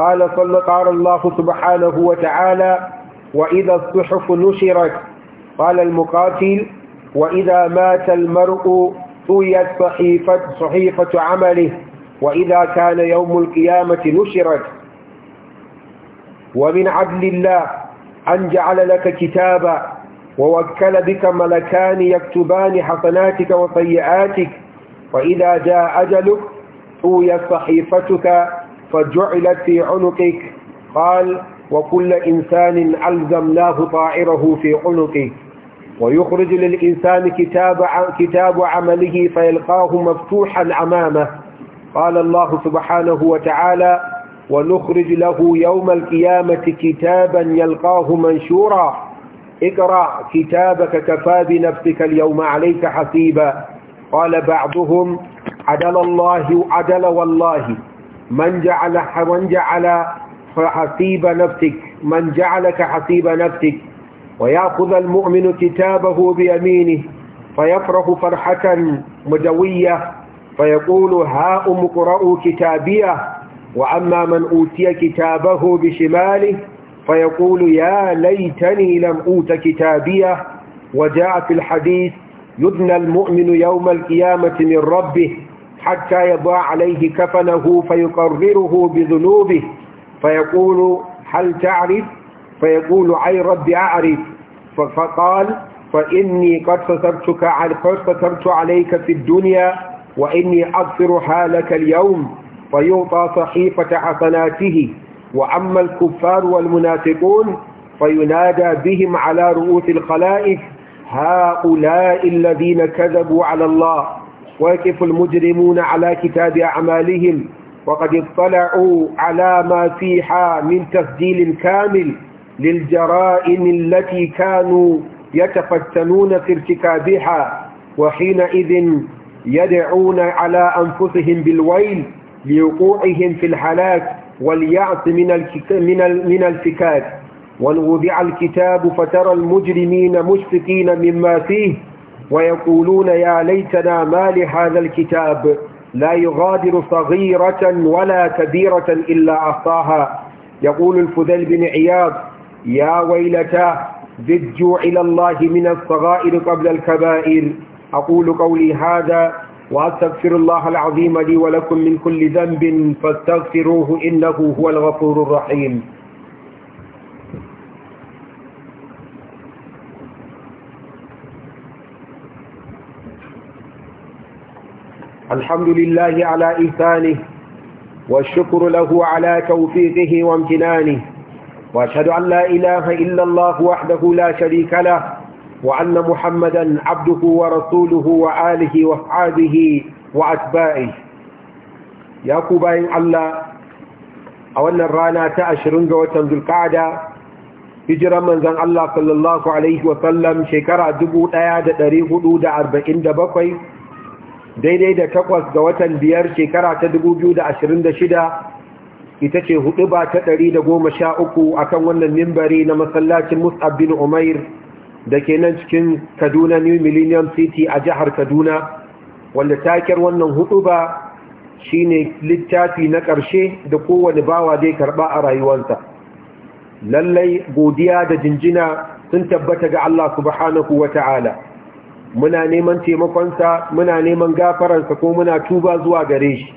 قال صلى قال الله سبحانه وتعالى وإذا الصحف نشرت قال المقاتل وإذا مات المرء طويت صحيفة, صحيفة عمله وإذا كان يوم القيامة نشرت ومن عدل الله أن جعل لك كتابا ووكل بك ملكان يكتبان حسناتك وسيئاتك وإذا جاء أجلك طويت صحيفتك فجعلت في عنقك قال وكل إنسان ألزمناه طائره في عنقه ويخرج للإنسان كتاب كتاب عمله فيلقاه مفتوحا أمامه قال الله سبحانه وتعالى ونخرج له يوم القيامة كتابا يلقاه منشورا اقرأ كتابك كفى بنفسك اليوم عليك حسيبا قال بعضهم عدل الله عدل والله من جعل من جعل حسيب نفسك من جعلك حسيب نفسك ويأخذ المؤمن كتابه بيمينه فيفرح فرحة مدوية فيقول ها أم قرأوا كتابية وأما من أوتي كتابه بشماله فيقول يا ليتني لم أوت كتابية وجاء في الحديث يدنى المؤمن يوم القيامة من ربه حتى يضع عليه كفنه فيقرره بذنوبه فيقول هل تعرف فيقول أي رب أعرف فقال فإني قد سترتك قد سترت عليك في الدنيا وإني اغفر حالك اليوم فيعطى صحيفة حسناته وأما الكفار والمنافقون فينادى بهم على رؤوس الخلائف هؤلاء الذين كذبوا على الله ويقف المجرمون على كتاب أعمالهم وقد اطلعوا على ما فيها من تسجيل كامل للجرائم التي كانوا يتفتنون في ارتكابها وحينئذ يدعون على أنفسهم بالويل لوقوعهم في الحلاك واليأس من من الفكاك وانوضع الكتاب فترى المجرمين مشفقين مما فيه ويقولون يا ليتنا ما لهذا الكتاب لا يغادر صغيرة ولا كبيرة إلا أحصاها يقول الفذل بن عياض يا ويلتاه ذجوا إلى الله من الصغائر قبل الكبائر أقول قولي هذا وأستغفر الله العظيم لي ولكم من كل ذنب فاستغفروه إنه هو الغفور الرحيم الحمد لله على إيثانه والشكر له على توفيقه وامتنانه وأشهد أن لا إله إلا الله وحده لا شريك له وأن محمدا عبده ورسوله وآله وأصحابه وأتباعه يا كوباين الله أولا رانا تأشرن جوة ذو القعدة hijiran manzan Allah sallallahu Alaihi wasallam shekara bakwai, daidai da takwas ga watan biyar shekara ta da da shida, ita ce hudu ba ta 113 kan wannan mimbari na masallacin mus'ab bin umair da ke nan cikin kaduna new millennium city a jihar kaduna wanda takiyar wannan hudu ba ne littafi na ƙarshe da kowane bawa zai karɓa a rayuwansa. lallai godiya da jinjina sun tabbata ga Allah subhanahu wa ta'ala muna neman taimakonsa muna neman gafaransa, ko muna tuba zuwa gare shi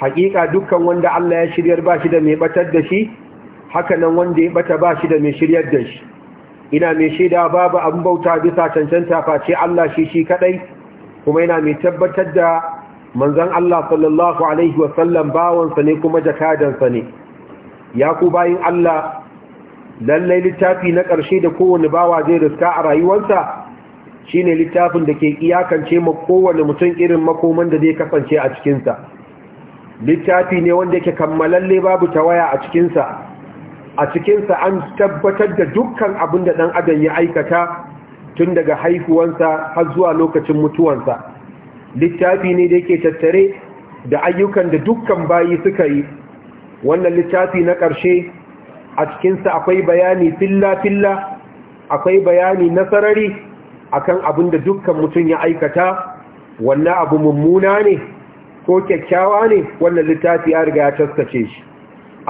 hakika dukkan wanda Allah ya shiryar ba shi da mai batar da shi haka nan wanda ya bata ba shi da mai shiryar da shi ina mai shaida babu abin bauta bisa cancanta face Allah shi shi kadai kuma ina mai tabbatar da manzon Allah sallallahu alaihi bawansa ne kuma jakadansa ne ya ku bayin Allah lallai littafi na ƙarshe da kowane bawa zai riska a rayuwarsa Shi ne littafin da ke iyakance ma kowane mutum irin makoman da zai kasance a cikinsa littafi ne wanda yake kammalalle babu tawaya a cikinsa a cikinsa an tabbatar da dukkan abin da ɗan adam ya aikata tun daga haihuwansa har zuwa lokacin mutuwansa littafi ne da yake tattare da ayyukan da dukkan bayi suka yi wannan littafi na ƙarshe a cikinsa akwai bayani filla-filla akwai bayani na sarari akan abin da dukkan mutum ya aikata wannan abu mummuna ne ko kyakkyawa ne wannan littafi ya riga ya taskace shi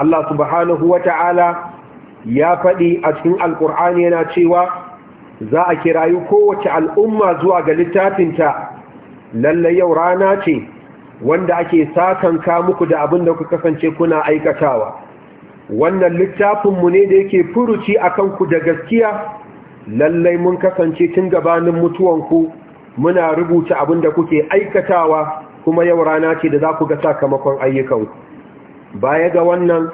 Allah subhanahu wata'ala ya faɗi a cikin alkur'ani yana cewa za a kirayu kowace al'umma zuwa ga littafinta lalle yau rana ce wanda ake satanka muku da abin da ku kasance kuna aikatawa wannan littafinmu ne da yake furuci a ku da gaskiya lallai mun kasance tun gabanin mutuwanku muna rubuta abin da kuke aikatawa kuma yau rana ce da za ku ga sakamakon ayyukanku baya ga wannan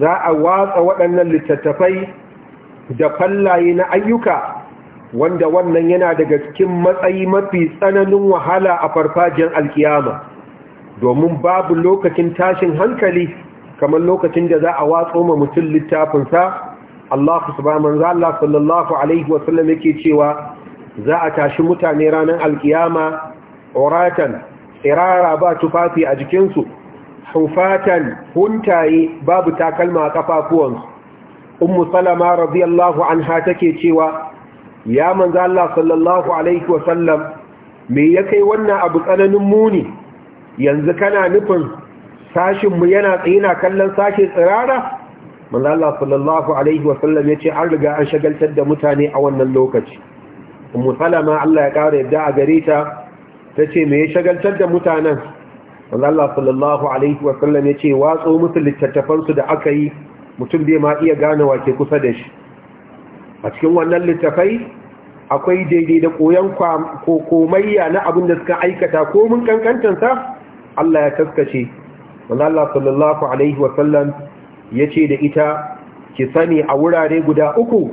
za a watsa waɗannan littattafai da fallaye na ayyuka wanda wannan yana daga cikin matsayi mafi tsananin wahala a farfajiyar alkiyama domin babu lokacin tashin hankali kamar lokacin da za a watso ma mutum littafinsa Allah subhanahu manzo Allah sallallahu alaihi wa sallam yake cewa za a tashi mutane ranar alkiyama uratan tsirara ba tufafi a jikinsu hufatan huntaye babu takalma a kafafuwansu ummu salama radiyallahu anha take cewa ya manzo Allah sallallahu alaihi wa sallam me ya kai wannan abu tsananin muni yanzu kana nufin sashinmu yana tsina kallon sashe tsirara manzo sallallahu alaihi wa sallam yace an riga an shagaltar da mutane a wannan lokaci Musalama Allah ya kare yadda a gare ta tace me ya shagaltar da mutanen manzo sallallahu alaihi wa sallam yace watso musu littattafansu da aka yi mutum bai ma iya gane wake kusa da shi a cikin wannan littafai akwai daidai da koyan komayya na abin da suka aikata ko mun kankantansa Allah ya taskace manzo sallallahu alaihi wa sallam ya ce da ita ki sani a wurare guda uku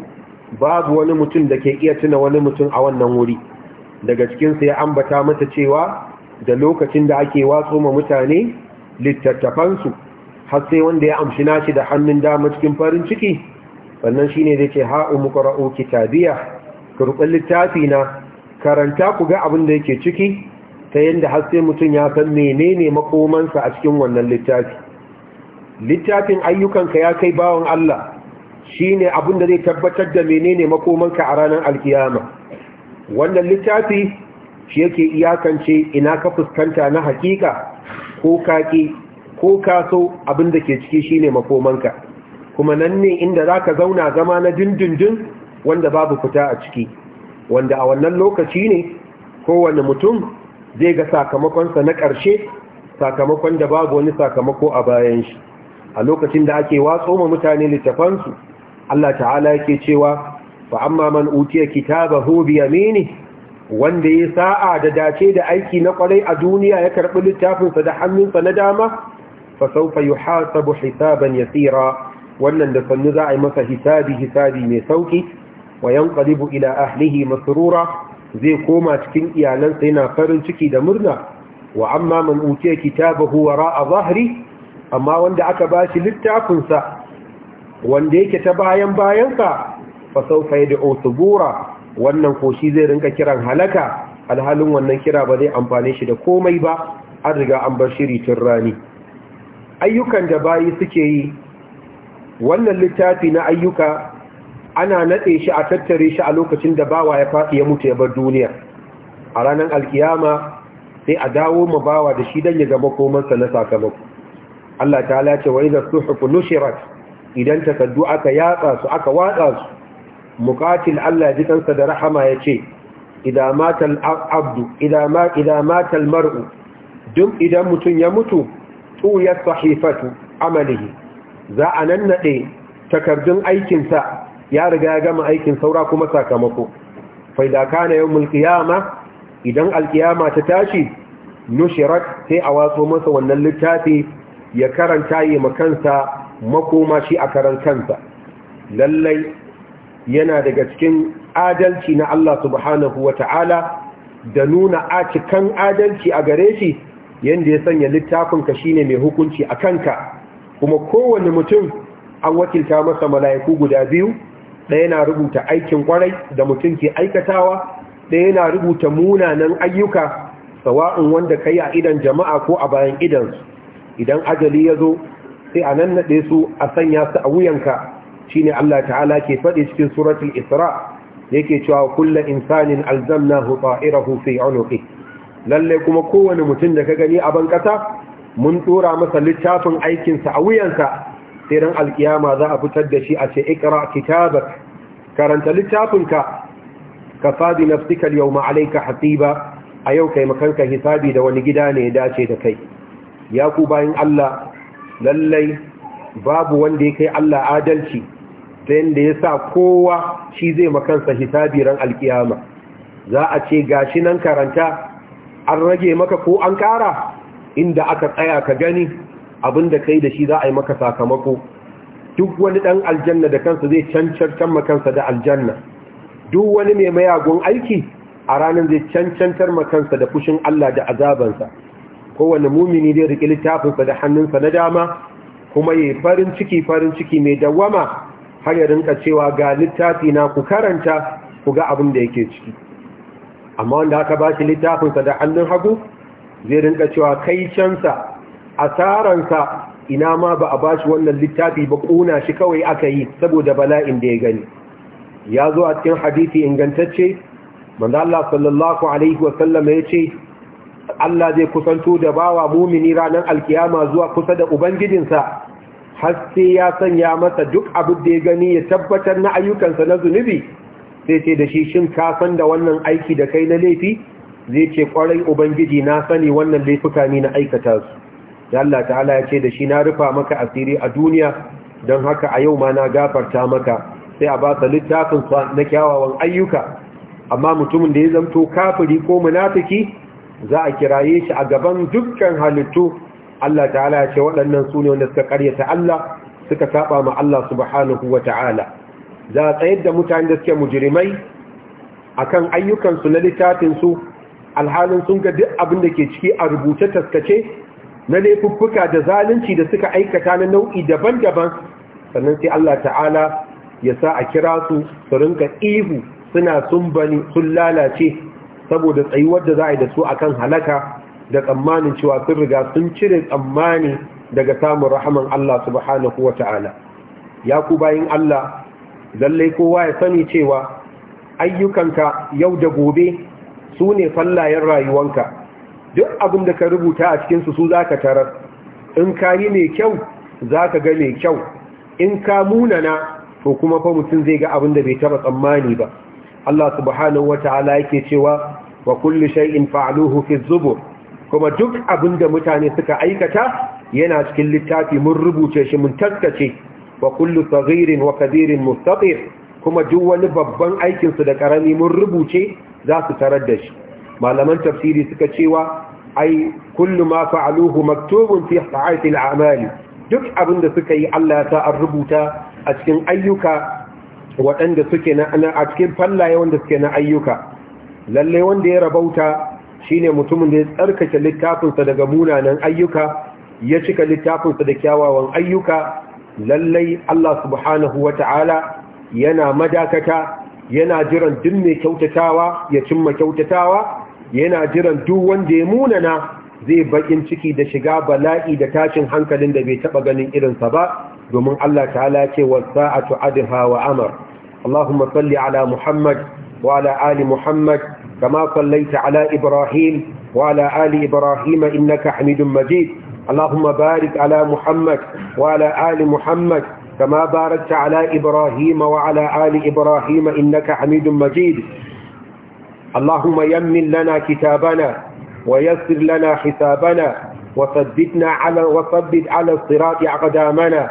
babu wani mutum da ke iya tuna wani mutum a wannan wuri daga cikinsa ya ambata mata cewa da lokacin da ake watso ma mutane littattafansu har sai wanda ya amshi nashi da hannun dama cikin farin ciki sannan shine zai ce ha'u muqra'u kitabiya kurban littafi na karanta ku ga abin da yake ciki ta yanda har sai mutum ya san menene makomansa a cikin wannan littafi littafin ayyukanka ya kai bawan Allah shine abin da zai tabbatar da menene makomanka a ranar alkiyama wannan littafi shi yake iyakance ina ka fuskanta na hakika ko kaki ko kaso abin da ke ciki shine makomanka kuma nan ne inda zaka zauna zama na dindindin wanda babu fita a ciki wanda a wannan lokaci ne kowane mutum zai ga sakamakonsa na ƙarshe sakamakon da babu wani sakamako a bayan shi a lokacin da ake watso ma mutane littafansu Allah ta'ala yake cewa fa amma man utiya kitabahu bi yamini wanda ya sa'a da dace da aiki na kwarai a duniya ya karbi littafinsa da hannunsa na dama fa sawfa yuhasabu hisaban yasira wannan da sannu za a yi masa hisabi hisabi mai sauki wa yanqalibu ila ahlihi masrura zai koma cikin iyalansa yana farin ciki da murna wa amma man utiya kitabahu wara'a zahri amma wanda aka ba shi littafinsa wanda yake ta bayan bayansa fasau da otubura wannan ko shi zai rinka kiran halaka alhalin wannan kira ba zai amfane shi da komai ba an riga an bar shiri tun rani ayyukan da bayi suke yi wannan littafi na ayyuka ana natse shi a tattare shi a lokacin da bawa ya faɗi ya mutu ya bar duniya a ranar alkiyama sai a dawo ma bawa da shi don ya gaba komansa na sakamako Allah ta'ala ce wa idza suhufu nushirat idan takaddu aka yatsa su aka watsa su muqatil Allah jikansa da rahama yace ce mata abdu idza ma maru dum idan mutum ya mutu tu ya sahifatu amalihi za a nannade takardun aikin sa ya riga ya gama aikin saura kuma sakamako fa idza kana yawmul idan alkiyama ta tashi nushirat sai a waso masa wannan littafi ya karanta yi makansa makoma shi a karan kansa lallai yana daga cikin adalci na Allah subhanahu wa ta'ala da nuna a cikan adalci a gare shi yadda ya sanya littafinka shine mai hukunci a kanka kuma kowane mutum an wakilta masa mala'iku guda biyu ɗaya na rubuta aikin kwarai da mutum ke aikatawa ɗaya yana rubuta munanan ayyuka sawa'un wanda ka yi a idan jama'a ko a bayan idansu idan ajali ya zo sai a nan naɗe su a sanya su a wuyanka shine Allah ta'ala ke faɗi cikin suratul isra yake cewa kulla insanin alzamnahu ta'irahu fi 'unuqi Lallai kuma kowane mutum da ka gani a ban kasa mun tsora masa littafin aikinsa a wuyanka, sai ran alkiyama za a fitar da shi a ce ikra kitabak karanta littafinka ka fadi nafsika al-yawma alayka hasiba a yau kai makanka hisabi da wani gida ne ya dace da kai ya ku bayan Allah lallai babu wanda ya kai Allah adalci ta yadda ya sa kowa shi zai makansa hisabi ran alkiyama za a ce gashi nan karanta an rage maka ko an kara inda aka tsaya ka gani abinda kai da shi za a yi maka sakamako duk wani ɗan aljanna da kansa zai cancantar makansa da aljanna duk wani mai mayagun aiki a ranar zai cancantar makansa da fushin Allah da azabansa kowane mumini zai riƙe littafinsa da hannunsa na dama kuma yi farin ciki farin ciki mai dawama har ya rinka cewa ga littafi na ku karanta ku ga abin da yake ciki amma wanda aka ba shi littafinsa da hannun hagu zai rinka cewa kai cansa asaransa ina ma ba a ba shi wannan littafi ba ƙuna shi kawai aka yi saboda bala'in da ya gani ya zo a cikin hadisi ingantacce manzo Allah sallallahu alaihi wasallam ya ce Allah zai kusanto da bawa mumini ranar alkiyama zuwa kusa da ubangijinsa har sai ya sanya masa duk abin da ya gani ya tabbatar na ayyukansa na zunubi sai ce da shi shin kasan da wannan aiki da kai na laifi zai ce ƙwarai ubangiji na sani wannan laifuka ne na aikata su da Allah ta'ala ya ce da shi na rufa maka asiri a duniya don haka a yau ma na gafarta maka sai a ba sa na kyawawan ayyuka amma mutumin da ya zamto kafiri ko munafiki za a kiraye shi a gaban dukkan halittu Allah ta'ala ya ce waɗannan su ne wanda suka ƙaryata Allah suka saba ma Allah subhanahu wa ta'ala za a tsayar da mutane da suke mujirimai a kan ayyukansu na littafinsu alhalin sun ga duk abin da ke ciki a rubuce taskace na laifuffuka da zalunci da suka aikata na nau'i daban-daban sannan sai Allah ta'ala ya sa a kira su su rinka ihu suna sun bani sun lalace saboda tsayuwar da za a yi da su akan halaka da tsammanin cewa sun riga sun cire tsammani daga samun rahaman Allah subhanahu wa ta'ala ya ku bayin Allah lallai kowa ya sani cewa ayyukanka yau da gobe su ne fallayen rayuwanka duk abin da ka rubuta a cikinsu su za ka tarar in ka yi mai kyau za ka ga mai kyau in ka munana to kuma fa mutum zai ga abin da bai taba tsammani ba Allah subhanahu wata'ala yake cewa wa kulli shay'in fa'aluhu fi zubur kuma duk abin da mutane suka aikata yana cikin littafi mun rubuce shi mun taskace wa kullu saghirin wa kabirin mustaqir kuma duk wani babban aikin su da karami mun rubuce za su tarar da shi malaman tafsiri suka cewa ai kullu ma fa'aluhu maktubun fi sa'ati al-a'mali duk abin da suka yi Allah ya sa an rubuta a cikin ayyuka waɗanda suke na a cikin fallaye wanda suke na ayyuka lalle wanda ya rabauta shine mutumin da ya tsarkake littafinsa daga munanan ayyuka ya cika littafinsa da kyawawan ayyuka lallai Allah subhanahu wata'ala yana madakata yana jiran duk mai kyautatawa ya cimma kyautatawa yana jiran duk wanda ya munana zai bakin ciki da shiga bala'i da tashin hankalin da bai taba ganin irinsa ba domin Allah ta'ala ce wa sa'atu adha wa amr Allahumma salli ala Muhammad wa ala ali Muhammad kama sallaita ala Ibrahim wa ala ali Ibrahim innaka Hamidum Majid Allahumma barik ala Muhammad wa ala ali Muhammad كما باركت على إبراهيم وعلى آل إبراهيم إنك حميد مجيد اللهم يمن لنا كتابنا ويسر لنا حسابنا وثبتنا على وثبت على الصراط أقدامنا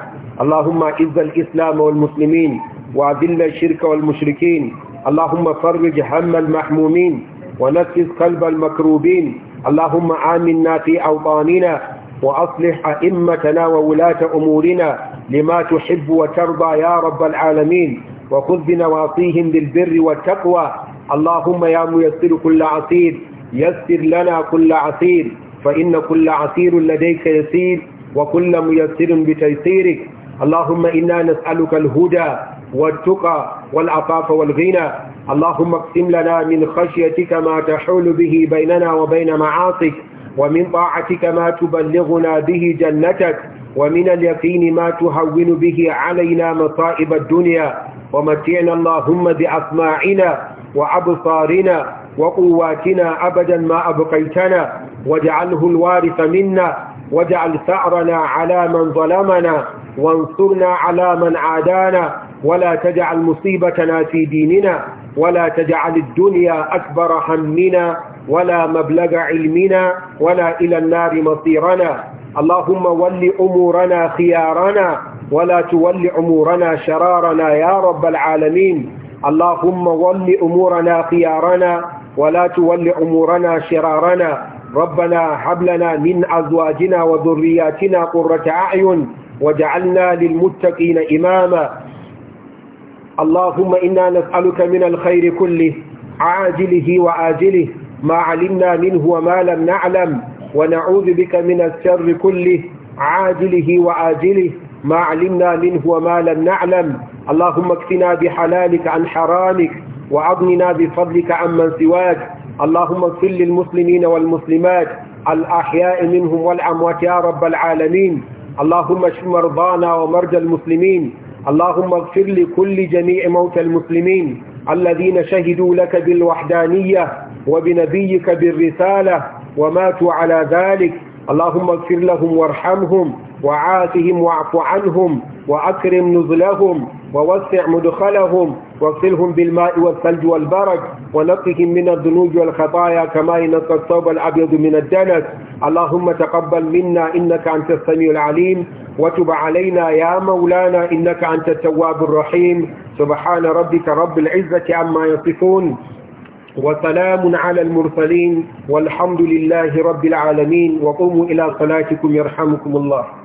اللهم اعز الإسلام والمسلمين وأذل الشرك والمشركين اللهم فرج هم المحمومين ونفس قلب المكروبين اللهم آمنا في أوطاننا وأصلح أئمتنا وولاة أمورنا لما تحب وترضى يا رب العالمين وخذ بنواصيهم للبر والتقوى اللهم يا ميسر كل عصير يسر لنا كل عصير فإن كل عصير لديك يسير وكل ميسر بتيسيرك اللهم إنا نسألك الهدى والتقى والعفاف والغنى اللهم اقسم لنا من خشيتك ما تحول به بيننا وبين معاصيك ومن طاعتك ما تبلغنا به جنتك ومن اليقين ما تهون به علينا مصائب الدنيا ومتعنا اللهم بأسماعنا وأبصارنا وقواتنا أبدا ما أبقيتنا واجعله الوارث منا واجعل ثأرنا على من ظلمنا وانصرنا على من عادانا ولا تجعل مصيبتنا في ديننا ولا تجعل الدنيا أكبر همنا ولا مبلغ علمنا ولا إلى النار مصيرنا اللهم ول أمورنا خيارنا ولا تول أمورنا شرارنا يا رب العالمين اللهم ول أمورنا خيارنا ولا تول أمورنا شرارنا ربنا حبلنا من أزواجنا وذرياتنا قرة أعين وجعلنا للمتقين إماما اللهم إنا نسألك من الخير كله عاجله وآجله ما علمنا منه وما لم نعلم ونعوذ بك من الشر كله عاجله وآجله ما علمنا منه وما لم نعلم اللهم اكفنا بحلالك عن حرامك وأغننا بفضلك عمن سواك اللهم اغفر للمسلمين والمسلمات الأحياء منهم والأموات يا رب العالمين اللهم اشف مرضانا ومرجى المسلمين اللهم اغفر لكل جميع موتى المسلمين الذين شهدوا لك بالوحدانية وبنبيك بالرسالة وماتوا على ذلك اللهم اغفر لهم وارحمهم وعافهم واعف عنهم وأكرم نزلهم ووسع مدخلهم واغسلهم بالماء والثلج والبرد ونقهم من الذنوب والخطايا كما ينقى الثوب الأبيض من الدنس اللهم تقبل منا إنك أنت السميع العليم وتب علينا يا مولانا إنك أنت التواب الرحيم سبحان ربك رب العزة عما يصفون وسلام على المرسلين والحمد لله رب العالمين وقوموا إلى صلاتكم يرحمكم الله